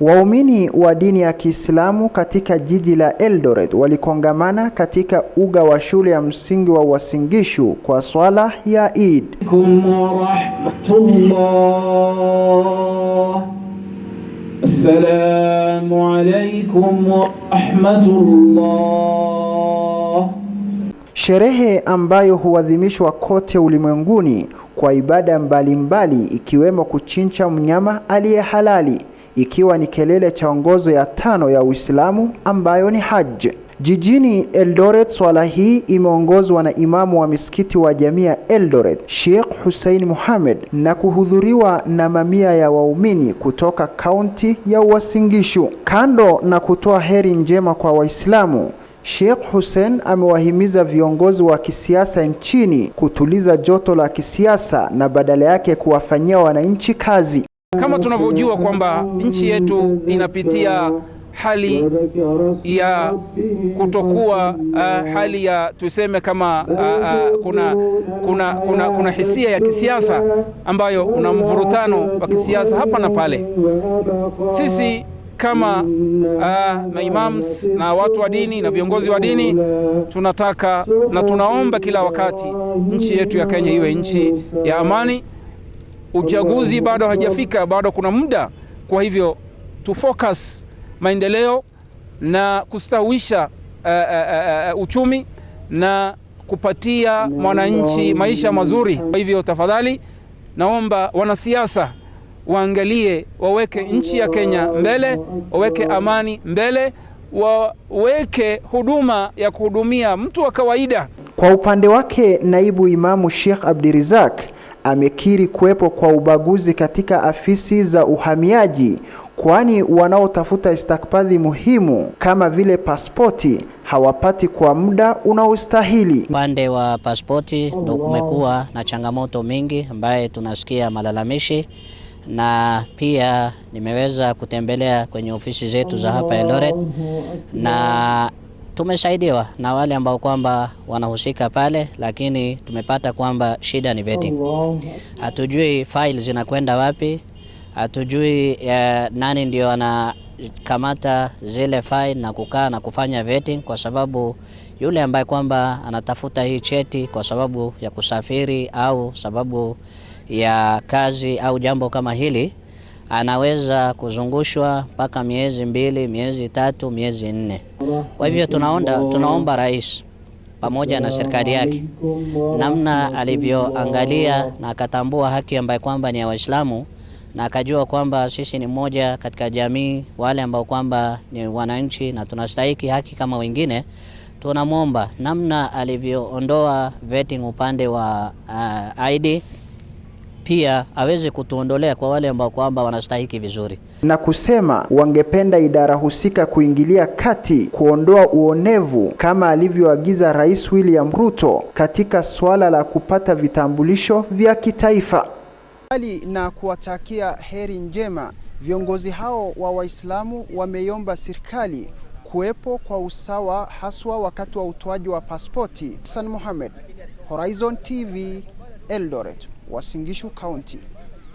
Waumini wa dini ya Kiislamu katika jiji la Eldoret walikongamana katika uga wa shule ya msingi wa Wasingishu kwa swala ya Eid. Assalamu alaykum wa rahmatullah. Sherehe ambayo huadhimishwa kote ulimwenguni kwa ibada mbalimbali mbali, ikiwemo kuchinja mnyama aliye halali ikiwa ni kilele cha ongozo ya tano ya Uislamu ambayo ni Hajj. Jijini Eldoret, swala hii imeongozwa na imamu wa misikiti wa jamii ya Eldoret, Sheikh Hussein Mohamed na kuhudhuriwa na mamia ya waumini kutoka kaunti ya Wasingishu. Kando na kutoa heri njema kwa Waislamu, Sheikh Hussein amewahimiza viongozi wa kisiasa nchini kutuliza joto la kisiasa na badala yake kuwafanyia wananchi kazi. Kama tunavyojua kwamba nchi yetu inapitia hali ya kutokuwa uh, hali ya tuseme kama uh, uh, kuna, kuna, kuna, kuna hisia ya kisiasa ambayo una mvurutano wa kisiasa hapa na pale. Sisi kama uh, maimams na watu wa dini na viongozi wa dini tunataka na tunaomba kila wakati nchi yetu ya Kenya iwe nchi ya amani uchaguzi bado hajafika, bado kuna muda. Kwa hivyo tu focus maendeleo na kustawisha uh, uh, uh, uchumi na kupatia mwananchi maisha mazuri. Kwa hivyo tafadhali, naomba wanasiasa waangalie, waweke nchi ya Kenya mbele, waweke amani mbele, waweke huduma ya kuhudumia mtu wa kawaida. Kwa upande wake, naibu imamu Sheikh Abdirizak amekiri kuwepo kwa ubaguzi katika afisi za uhamiaji, kwani wanaotafuta stakabadhi muhimu kama vile paspoti hawapati kwa muda unaostahili. Upande wa paspoti ndo kumekuwa na changamoto mingi ambaye tunasikia malalamishi, na pia nimeweza kutembelea kwenye ofisi zetu za hapa Eldoret na tumeshaidiwa na wale ambao kwamba wanahusika pale, lakini tumepata kwamba shida ni vetting. Oh, hatujui file zinakwenda wapi, hatujui eh, nani ndio anakamata zile file na kukaa na kufanya vetting, kwa sababu yule ambaye kwamba anatafuta hii cheti kwa sababu ya kusafiri au sababu ya kazi au jambo kama hili anaweza kuzungushwa mpaka miezi mbili, miezi tatu, miezi nne. Kwa hivyo tunaonda, tunaomba rais pamoja na serikali yake namna alivyoangalia na akatambua haki ambayo kwamba ni ya Waislamu na akajua kwamba sisi ni mmoja katika jamii, wale ambao kwamba ni wananchi na tunastahiki haki kama wengine. Tunamwomba namna alivyoondoa vetting upande wa uh, ID pia aweze kutuondolea kwa wale ambao kwamba wanastahiki vizuri, na kusema wangependa idara husika kuingilia kati kuondoa uonevu kama alivyoagiza Rais William Ruto katika suala la kupata vitambulisho vya kitaifa, bali na kuwatakia heri njema. Viongozi hao wa Waislamu wameiomba serikali kuwepo kwa usawa haswa wakati wa utoaji wa pasipoti. Hassan Mohamed, Horizon TV, Eldoret wa Singishau County.